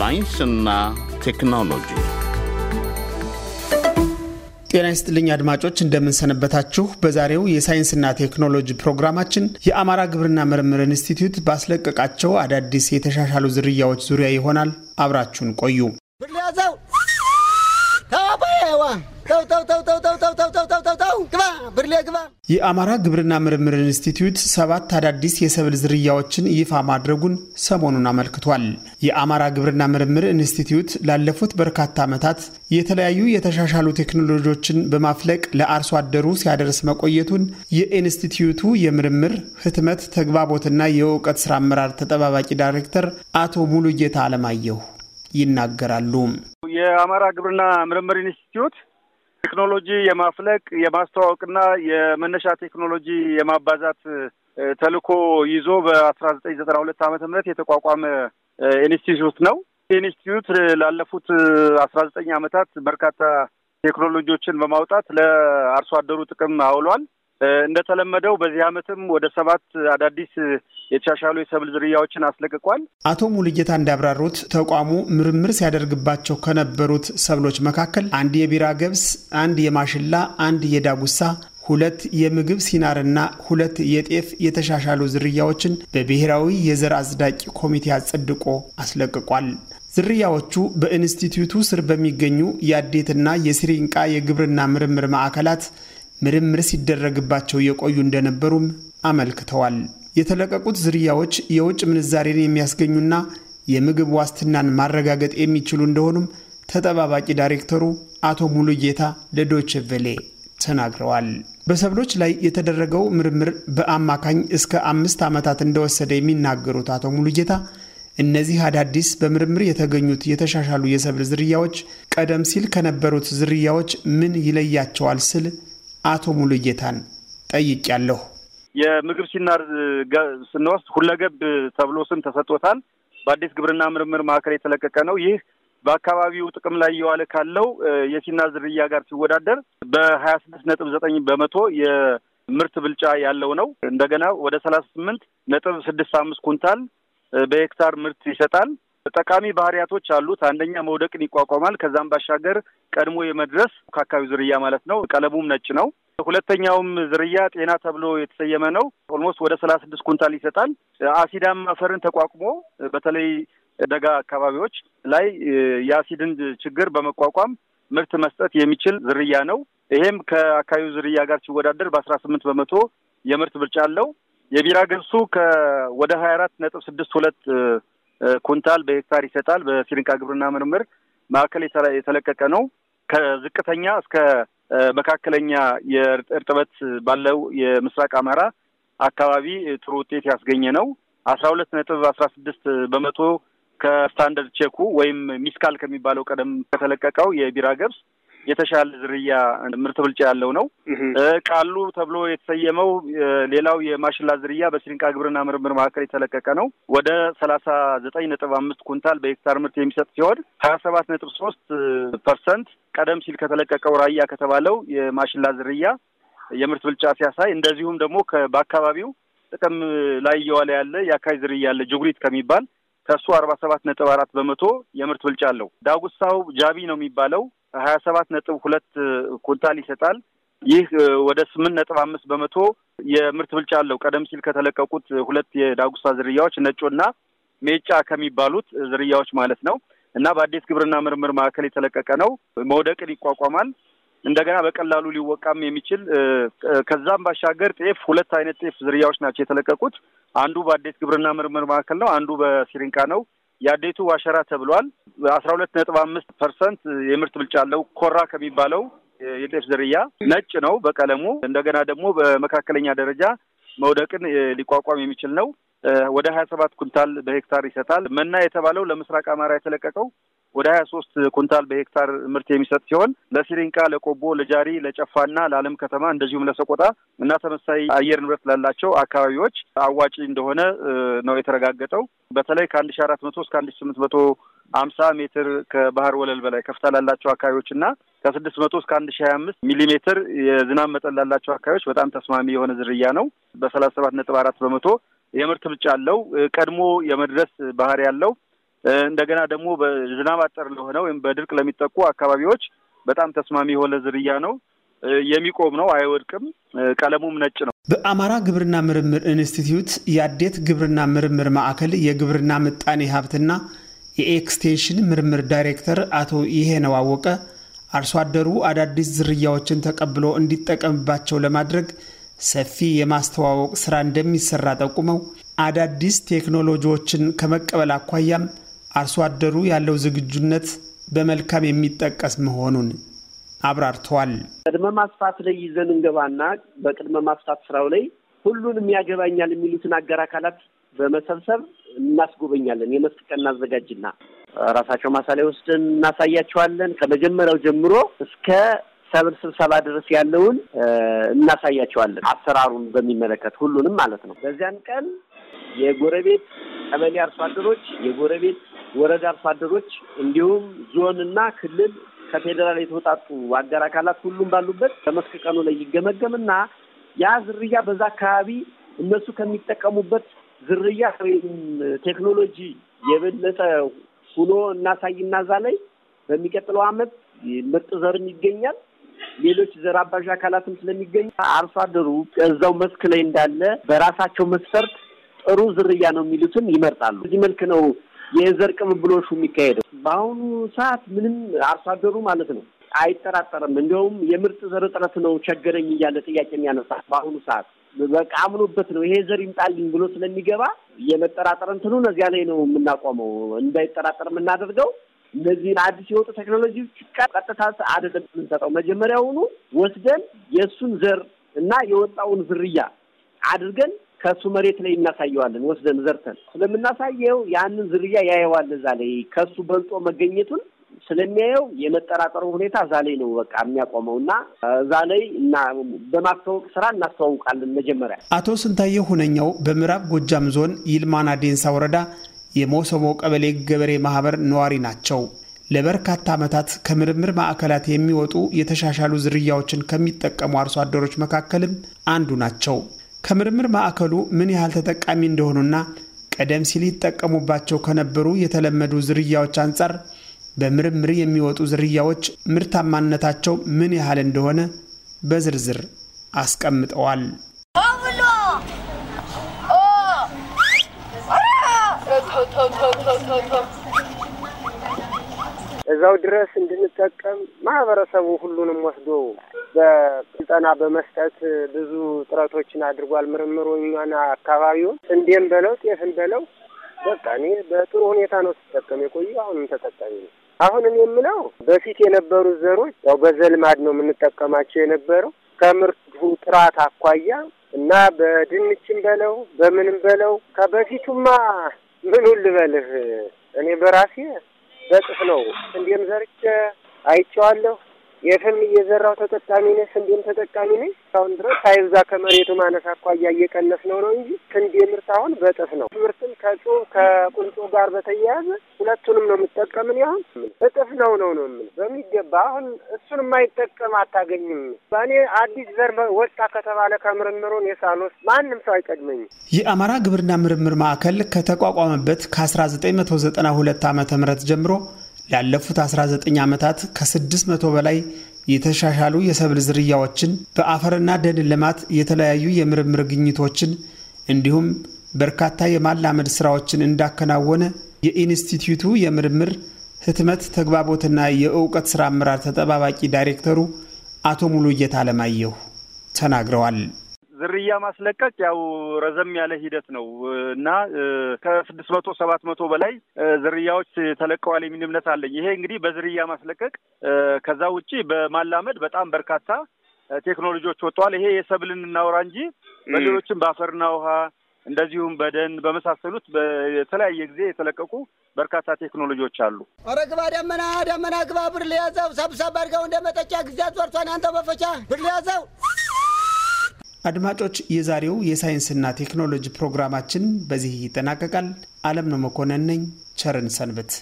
ሳይንስና ቴክኖሎጂ ጤና ይስጥልኝ አድማጮች፣ እንደምንሰነበታችሁ። በዛሬው የሳይንስና ቴክኖሎጂ ፕሮግራማችን የአማራ ግብርና ምርምር ኢንስቲትዩት ባስለቀቃቸው አዳዲስ የተሻሻሉ ዝርያዎች ዙሪያ ይሆናል። አብራችሁን ቆዩ። ተው ተው ተው ተው ተው ተው ተው ተው ተው ተው ግባ ብርሌ ግባ። የአማራ ግብርና ምርምር ኢንስቲትዩት ሰባት አዳዲስ የሰብል ዝርያዎችን ይፋ ማድረጉን ሰሞኑን አመልክቷል። የአማራ ግብርና ምርምር ኢንስቲትዩት ላለፉት በርካታ ዓመታት የተለያዩ የተሻሻሉ ቴክኖሎጂዎችን በማፍለቅ ለአርሶ አደሩ ሲያደርስ መቆየቱን የኢንስቲትዩቱ የምርምር ህትመት ተግባቦትና የእውቀት ስራ አመራር ተጠባባቂ ዳይሬክተር አቶ ሙሉጌታ አለማየሁ ይናገራሉ። የአማራ ግብርና ምርምር ኢንስቲትዩት ቴክኖሎጂ የማፍለቅ የማስተዋወቅና የመነሻ ቴክኖሎጂ የማባዛት ተልኮ ይዞ በአስራ ዘጠኝ ዘጠና ሁለት ዓመተ ምህረት የተቋቋመ ኢንስቲትዩት ነው። ኢንስቲትዩት ላለፉት አስራ ዘጠኝ ዓመታት በርካታ ቴክኖሎጂዎችን በማውጣት ለአርሶ አደሩ ጥቅም አውሏል። እንደተለመደው በዚህ ዓመትም ወደ ሰባት አዳዲስ የተሻሻሉ የሰብል ዝርያዎችን አስለቅቋል። አቶ ሙሉጌታ እንዳብራሩት ተቋሙ ምርምር ሲያደርግባቸው ከነበሩት ሰብሎች መካከል አንድ የቢራ ገብስ፣ አንድ የማሽላ፣ አንድ የዳጉሳ ሁለት የምግብ ሲናርና ሁለት የጤፍ የተሻሻሉ ዝርያዎችን በብሔራዊ የዘር አጽዳቂ ኮሚቴ አጸድቆ አስለቅቋል። ዝርያዎቹ በኢንስቲትዩቱ ስር በሚገኙ የአዴትና የስሪንቃ የግብርና ምርምር ማዕከላት ምርምር ሲደረግባቸው የቆዩ እንደነበሩም አመልክተዋል። የተለቀቁት ዝርያዎች የውጭ ምንዛሬን የሚያስገኙና የምግብ ዋስትናን ማረጋገጥ የሚችሉ እንደሆኑም ተጠባባቂ ዳይሬክተሩ አቶ ሙሉ ጌታ ቬሌ ተናግረዋል። በሰብሎች ላይ የተደረገው ምርምር በአማካኝ እስከ አምስት ዓመታት እንደወሰደ የሚናገሩት አቶ ሙሉ ጌታ እነዚህ አዳዲስ በምርምር የተገኙት የተሻሻሉ የሰብል ዝርያዎች ቀደም ሲል ከነበሩት ዝርያዎች ምን ይለያቸዋል ስል አቶ ሙሉጌታን ጠይቄያለሁ። የምግብ ሲናር ስንወስድ ሁለገብ ተብሎ ስም ተሰጥቶታል። በአዲስ ግብርና ምርምር ማዕከል የተለቀቀ ነው። ይህ በአካባቢው ጥቅም ላይ እየዋለ ካለው የሲናር ዝርያ ጋር ሲወዳደር በሀያ ስድስት ነጥብ ዘጠኝ በመቶ የምርት ብልጫ ያለው ነው። እንደገና ወደ ሰላሳ ስምንት ነጥብ ስድስት አምስት ኩንታል በሄክታር ምርት ይሰጣል። ጠቃሚ ባህሪያቶች አሉት። አንደኛ መውደቅን ይቋቋማል። ከዛም ባሻገር ቀድሞ የመድረስ ከአካባቢ ዝርያ ማለት ነው። ቀለሙም ነጭ ነው። ሁለተኛውም ዝርያ ጤና ተብሎ የተሰየመ ነው። ኦልሞስት ወደ ሰላሳ ስድስት ኩንታል ይሰጣል። አሲዳም አፈርን ተቋቁሞ በተለይ ደጋ አካባቢዎች ላይ የአሲድን ችግር በመቋቋም ምርት መስጠት የሚችል ዝርያ ነው። ይሄም ከአካባቢው ዝርያ ጋር ሲወዳደር በአስራ ስምንት በመቶ የምርት ብልጫ አለው። የቢራ ገብሱ ከወደ ሀያ አራት ነጥብ ስድስት ሁለት ኩንታል በሄክታር ይሰጣል። በሲሪንቃ ግብርና ምርምር ማዕከል የተለቀቀ ነው። ከዝቅተኛ እስከ መካከለኛ የእርጥበት ባለው የምስራቅ አማራ አካባቢ ጥሩ ውጤት ያስገኘ ነው። አስራ ሁለት ነጥብ አስራ ስድስት በመቶ ከስታንደርድ ቼኩ ወይም ሚስካል ከሚባለው ቀደም ከተለቀቀው የቢራ ገብስ የተሻለ ዝርያ ምርት ብልጫ ያለው ነው። ቃሉ ተብሎ የተሰየመው ሌላው የማሽላ ዝርያ በሲሪንቃ ግብርና ምርምር መካከል የተለቀቀ ነው። ወደ ሰላሳ ዘጠኝ ነጥብ አምስት ኩንታል በሄክታር ምርት የሚሰጥ ሲሆን ሀያ ሰባት ነጥብ ሶስት ፐርሰንት ቀደም ሲል ከተለቀቀው ራያ ከተባለው የማሽላ ዝርያ የምርት ብልጫ ሲያሳይ እንደዚሁም ደግሞ በአካባቢው ጥቅም ላይ እየዋለ ያለ የአካይ ዝርያ ያለ ጅጉሪት ከሚባል ከእሱ አርባ ሰባት ነጥብ አራት በመቶ የምርት ብልጫ አለው። ዳጉሳው ጃቢ ነው የሚባለው ሀያ ሰባት ነጥብ ሁለት ኩንታል ይሰጣል። ይህ ወደ ስምንት ነጥብ አምስት በመቶ የምርት ብልጫ አለው። ቀደም ሲል ከተለቀቁት ሁለት የዳጉሳ ዝርያዎች ነጮና ሜጫ ከሚባሉት ዝርያዎች ማለት ነው እና በአዲስ ግብርና ምርምር ማዕከል የተለቀቀ ነው። መውደቅን ይቋቋማል። እንደገና በቀላሉ ሊወቃም የሚችል ከዛም ባሻገር ጤፍ ሁለት አይነት ጤፍ ዝርያዎች ናቸው የተለቀቁት። አንዱ በአዲስ ግብርና ምርምር ማዕከል ነው፣ አንዱ በሲሪንቃ ነው። የአዴቱ ዋሸራ ተብሏል። አስራ ሁለት ነጥብ አምስት ፐርሰንት የምርት ብልጫ አለው። ኮራ ከሚባለው የጤፍ ዝርያ ነጭ ነው በቀለሙ። እንደገና ደግሞ በመካከለኛ ደረጃ መውደቅን ሊቋቋም የሚችል ነው። ወደ ሀያ ሰባት ኩንታል በሄክታር ይሰጣል። መና የተባለው ለምስራቅ አማራ የተለቀቀው ወደ ሀያ ሶስት ኩንታል በሄክታር ምርት የሚሰጥ ሲሆን ለሲሪንቃ፣ ለቆቦ፣ ለጃሪ፣ ለጨፋና ለአለም ከተማ እንደዚሁም ለሰቆጣ እና ተመሳሳይ አየር ንብረት ላላቸው አካባቢዎች አዋጪ እንደሆነ ነው የተረጋገጠው። በተለይ ከአንድ ሺ አራት መቶ እስከ አንድ ሺ ስምንት መቶ አምሳ ሜትር ከባህር ወለል በላይ ከፍታ ላላቸው አካባቢዎች እና ከስድስት መቶ እስከ አንድ ሺ ሀያ አምስት ሚሊ ሜትር የዝናብ መጠን ላላቸው አካባቢዎች በጣም ተስማሚ የሆነ ዝርያ ነው። በሰላሳ ሰባት ነጥብ አራት በመቶ የምርት ብልጫ አለው። ቀድሞ የመድረስ ባህሪ ያለው እንደገና ደግሞ በዝናብ አጠር ለሆነ ወይም በድርቅ ለሚጠቁ አካባቢዎች በጣም ተስማሚ የሆነ ዝርያ ነው። የሚቆም ነው፣ አይወድቅም። ቀለሙም ነጭ ነው። በአማራ ግብርና ምርምር ኢንስቲትዩት የአዴት ግብርና ምርምር ማዕከል የግብርና ምጣኔ ሀብትና የኤክስቴንሽን ምርምር ዳይሬክተር አቶ ነው አወቀ አርሶ አደሩ አዳዲስ ዝርያዎችን ተቀብሎ እንዲጠቀምባቸው ለማድረግ ሰፊ የማስተዋወቅ ስራ እንደሚሰራ ጠቁመው አዳዲስ ቴክኖሎጂዎችን ከመቀበል አኳያም አርሶ አደሩ ያለው ዝግጁነት በመልካም የሚጠቀስ መሆኑን አብራርተዋል። ቅድመ ማስፋት ላይ ይዘን እንገባና በቅድመ ማስፋት ስራው ላይ ሁሉንም ያገባኛል የሚሉትን አገር አካላት በመሰብሰብ እናስጎበኛለን። የመስክ ቀን እናዘጋጅና ራሳቸው ማሳ ላይ ወስደን እናሳያቸዋለን። ከመጀመሪያው ጀምሮ እስከ ሰብር ስብሰባ ድረስ ያለውን እናሳያቸዋለን። አሰራሩን በሚመለከት ሁሉንም ማለት ነው። በዚያን ቀን የጎረቤት ቀበሌ አርሶ አደሮች የጎረቤት ወረዳ አርሶ አደሮች እንዲሁም ዞንና ክልል ከፌዴራል የተወጣጡ አጋር አካላት ሁሉም ባሉበት በመስክ ቀኑ ላይ ይገመገም ና ያ ዝርያ በዛ አካባቢ እነሱ ከሚጠቀሙበት ዝርያ ወይም ቴክኖሎጂ የበለጠ ሁኖ እናሳይና እዛ ላይ በሚቀጥለው አመት ምርጥ ዘርም ይገኛል። ሌሎች ዘር አባዥ አካላትም ስለሚገኙ አርሶ አደሩ እዛው መስክ ላይ እንዳለ በራሳቸው መስፈርት ጥሩ ዝርያ ነው የሚሉትን ይመርጣሉ። በዚህ መልክ ነው የዘር ቅብብሎሹ የሚካሄደው በአሁኑ ሰዓት ምንም አርሶ አደሩ ማለት ነው አይጠራጠርም። እንዲያውም የምርጥ ዘር እጥረት ነው ቸገረኝ እያለ ጥያቄ የሚያነሳ በአሁኑ ሰዓት በቃ አምኖበት ነው ይሄ ዘር ይምጣልኝ ብሎ ስለሚገባ የመጠራጠር እንትኑ እዚያ ላይ ነው የምናቆመው፣ እንዳይጠራጠር የምናደርገው እነዚህን አዲስ የወጡ ቴክኖሎጂዎች ቀጥታ አይደለም የምንሰጠው። መጀመሪያውኑ ወስደን የእሱን ዘር እና የወጣውን ዝርያ አድርገን ከእሱ መሬት ላይ እናሳየዋለን ወስደን ዘርተን ስለምናሳየው ያንን ዝርያ ያየዋል እዛ ላይ ከእሱ በልጦ መገኘቱን ስለሚያየው የመጠራጠሩ ሁኔታ እዛ ላይ ነው በቃ የሚያቆመው እና እዛ ላይ እና በማስታወቅ ስራ እናስተዋውቃለን። መጀመሪያ አቶ ስንታየው ሁነኛው በምዕራብ ጎጃም ዞን ይልማና ዴንሳ ወረዳ የሞሰቦ ቀበሌ ገበሬ ማህበር ነዋሪ ናቸው። ለበርካታ ዓመታት ከምርምር ማዕከላት የሚወጡ የተሻሻሉ ዝርያዎችን ከሚጠቀሙ አርሶ አደሮች መካከልም አንዱ ናቸው። ከምርምር ማዕከሉ ምን ያህል ተጠቃሚ እንደሆኑና ቀደም ሲል ይጠቀሙባቸው ከነበሩ የተለመዱ ዝርያዎች አንጻር በምርምር የሚወጡ ዝርያዎች ምርታማነታቸው ምን ያህል እንደሆነ በዝርዝር አስቀምጠዋል። እዛው ድረስ እንድንጠቀም ማህበረሰቡ ሁሉንም ወስዶ በስልጠና በመስጠት ብዙ ጥረቶችን አድርጓል። ምርምሩኛና አካባቢውን ስንዴም በለው ጤፍን በለው በቃ እኔ በጥሩ ሁኔታ ነው ስጠቀም የቆዩ አሁንም ተጠቃሚ ነው። አሁንም የምለው በፊት የነበሩ ዘሮች ያው በዘልማድ ነው የምንጠቀማቸው የነበረው ከምርቱ ጥራት አኳያ እና በድንችም በለው በምንም በለው ከበፊቱማ ምን ልበልህ እኔ በራሴ በጽፍ ነው። እንዴም ዘርቼ አይቼዋለሁ የፍም እየዘራው ተጠቃሚ ነኝ፣ ስንዴም ተጠቃሚ ነኝ። እስካሁን ድረስ ሳይብዛ ከመሬቱ ማነስ አኳያ እየቀነስ ነው ነው እንጂ ስንዴ ምርት አሁን በጥፍ ነው። ምርትም ከጮም ከቁንጮ ጋር በተያያዘ ሁለቱንም ነው የምጠቀምን ያሁን እጥፍ ነው ነው ነው የምልህ በሚገባ አሁን እሱን የማይጠቀም አታገኝም። በእኔ አዲስ ዘር ወጣ ከተባለ ከምርምሩን የሳኖስ ማንም ሰው አይቀድመኝም። የአማራ ግብርና ምርምር ማዕከል ከተቋቋመበት ከ1992 ዓ ም ጀምሮ ላለፉት 19 ዓመታት ከ600 በላይ የተሻሻሉ የሰብል ዝርያዎችን በአፈርና ደን ልማት የተለያዩ የምርምር ግኝቶችን እንዲሁም በርካታ የማላመድ ስራዎችን እንዳከናወነ የኢንስቲትዩቱ የምርምር ህትመት ተግባቦትና የእውቀት ሥራ አመራር ተጠባባቂ ዳይሬክተሩ አቶ ሙሉጌታ አለማየሁ ተናግረዋል። ዝርያ ማስለቀቅ ያው ረዘም ያለ ሂደት ነው እና ከስድስት መቶ ሰባት መቶ በላይ ዝርያዎች ተለቀዋል የሚል እምነት አለኝ። ይሄ እንግዲህ በዝርያ ማስለቀቅ ከዛ ውጪ በማላመድ በጣም በርካታ ቴክኖሎጂዎች ወጥተዋል። ይሄ የሰብልን እናውራ እንጂ በሌሎችም በአፈርና ውሃ እንደዚሁም በደን በመሳሰሉት በተለያየ ጊዜ የተለቀቁ በርካታ ቴክኖሎጂዎች አሉ። ኧረ ግባ ደመና ደመና ግባ፣ ብር ሊያዘው ሰብሰብ አድርገው እንደ መጠጫ ጊዜ አዟርቷን አንተ በፈቻ ብር ሊያዘው አድማጮች፣ የዛሬው የሳይንስና ቴክኖሎጂ ፕሮግራማችን በዚህ ይጠናቀቃል። አለም ነው መኮንን ነኝ። ቸርን ሰንብት።